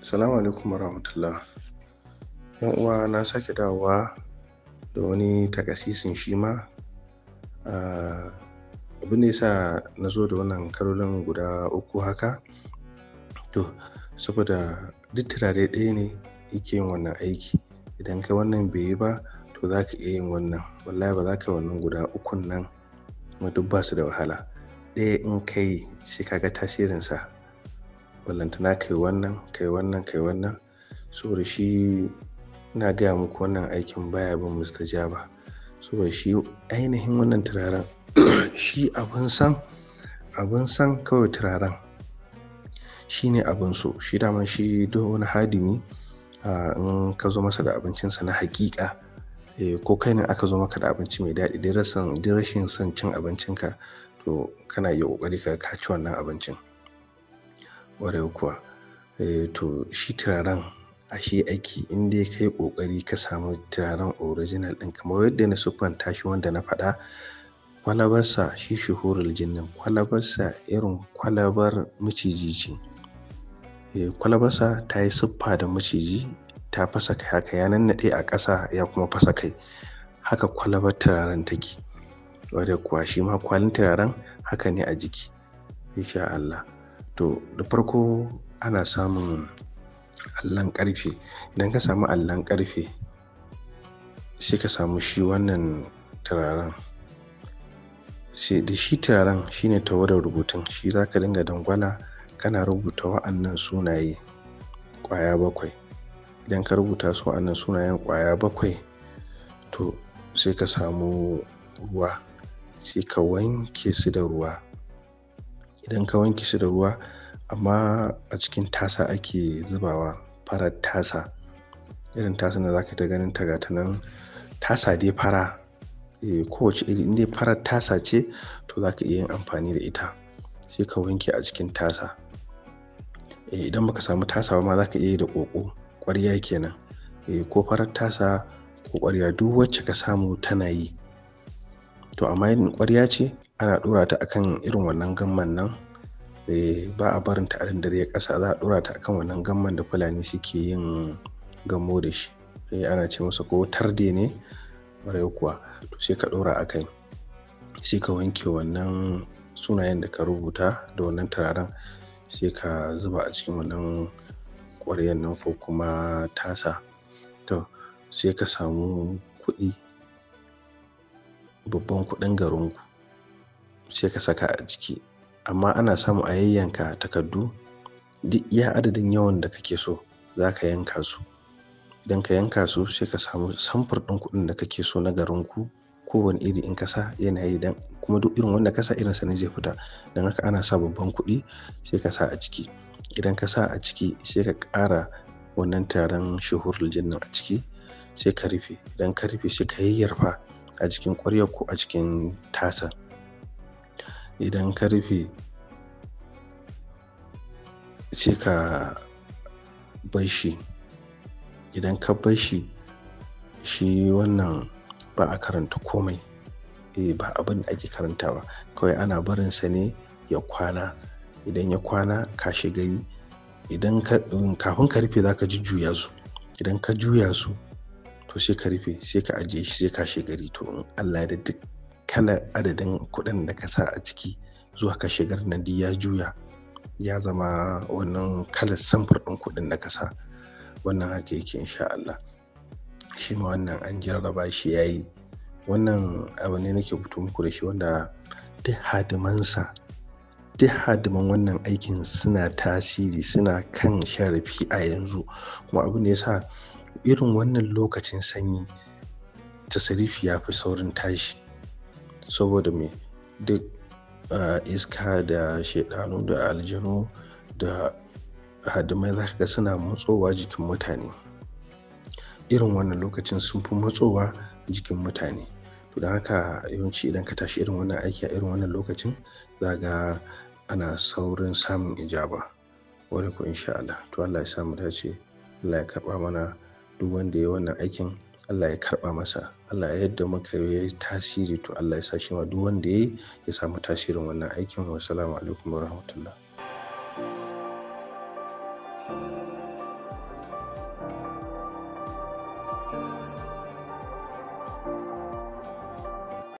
Assalamu alaikum warahmatullah. Yan uwa na sake dawowa da wani takasisin shi ma. Abin da ya sa na zo da wannan kalolin guda uku haka, to saboda duk turare ɗaya ne yake yin wannan aiki. Idan kai wannan bai yi ba, to za ka iya yin wannan. Wallahi ba za ka wannan guda ukun nan kuma duk ba su da wahala. Ɗaya in kai yi sai ka ga tasirinsa. ballantana kai wannan kai wannan kai wannan saboda shi ina gaya muku wannan aikin baya bin mustajaba saboda shi ainihin wannan turaren shi abin san abin san kawai turaren shi ne abin so shi daman shi don wani hadimi in ka zo masa da abincinsa na hakika eh, ko kai ne aka zo maka da abinci mai daɗi dai rashin son cin abincinka to kana iya ƙoƙari ka ci wannan abincin Ƙwarai kuwa. Eh to shi turaren ashe ake inda ya kai ƙoƙari ka samu turaren original ɗin kamar yadda na siffan tashi wanda na faɗa. Kwalabarsa shi shuhurul jinin kwalabarsa irin kwalabar maciji eh kwalabarsa ta yi siffa da maciji ta fasa kai haka ya nannaɗe a ƙasa ya kuma fasa kai. Haka kwalabar turaren take. wadda kuwa shi ma kwalin turaren haka ne a jiki. insha Allah. to da farko ana samun allon ƙarfe idan ka samu allon karfe sai ka samu shi wannan turaren sai da shi turaren shine tawadar rubutun shi za ka dinga dangwala kana rubuta wa'annan sunaye ƙwaya bakwai idan ka rubuta su wa'annan sunayen kwaya bakwai to sai ka samu ruwa sai ka wanke su da ruwa idan ka wanke shi da ruwa amma a cikin tasa ake zubawa farar tasa irin na da zaka ta ganin ta gata nan tasa dai fara eh, kowace iri in dai farar tasa ce to za ka iya yin amfani da ita sai ka wanke a cikin tasa eh, idan baka samu tasa ba ma za ka iya yi da ƙoƙo ƙwarya kenan eh, ko farar tasa ko ƙwarya duk wacce ka samu tana yi to amma yin kwarya ce ana dora ta akan irin wannan gamman nan eh, ba a barin ta a dare kasa za a dora ta akan wannan gamman da fulani suke yin gamo da shi eh, ana ce masa ko tarde ne ƙwarai kuwa to sai ka ɗora a kai sai ka wanke wannan sunayen da ka rubuta da wannan turaren sai ka zuba a cikin wannan ƙwaryan nan ko kuma tasa to sai ka samu kuɗi babban kuɗin garinku sai ka saka a ciki amma ana samu a yayyanka takardu duk iya adadin yawan da kake so za ka yanka su idan ka yanka su sai ka samu samfur ɗin kuɗin da kake so na garinku kowane iri in kasa yana yi kuma duk irin wanda kasa irin sa ne zai fita dan haka ana sa babban kuɗi sai ka sa a ciki idan ka sa a ciki sai ka ƙara wannan taron shuhurul jannan a ciki sai ka rufe idan ka rufe sai ka yayyarfa a cikin ƙwaryar ko a cikin tasa idan ka rufe ce ka bai shi idan ka bai shi shi wannan ba a karanta komai e, ba abin da ake karantawa kawai ana barinsa ne ya kwana idan ya kwana kashe gari idan kafin ka rufe za ka juya su idan ka juya su to sai ka rufe sai ka ajiye shi sai kashe gari to in Allah da duk kala adadin kuɗin da ka sa a ciki zuwa kashe garin nan ya juya ya zama wannan kalar samfur ɗin kuɗin da ka sa wannan haka yake insha Allah shi ma wannan an jarraba shi ya yi wannan abu ne nake fito muku da shi wanda duk hadimansa duk hadiman wannan aikin suna tasiri suna kan sharafi a yanzu kuma abu ne ya sa irin wannan lokacin sanyi tasarifi ya fi saurin tashi saboda mai duk ah, iska da shaidanu da aljanu da hadimai za ga suna matsowa jikin mutane irin wannan lokacin sun fi matsowa jikin mutane to don haka yawanci idan ka tashi irin wannan aiki a irin wannan lokacin za ga ana saurin samun ijaba wani ku insha Allah to Allah ya samu dace Allah ya karba mana duk wanda ya wannan aikin Allah ya karɓa masa Allah ya yadda muka yi tasiri to Allah ya sa shi ma duk wanda ya ya samu tasirin wannan aikin wassalamu alaikum rahmatullah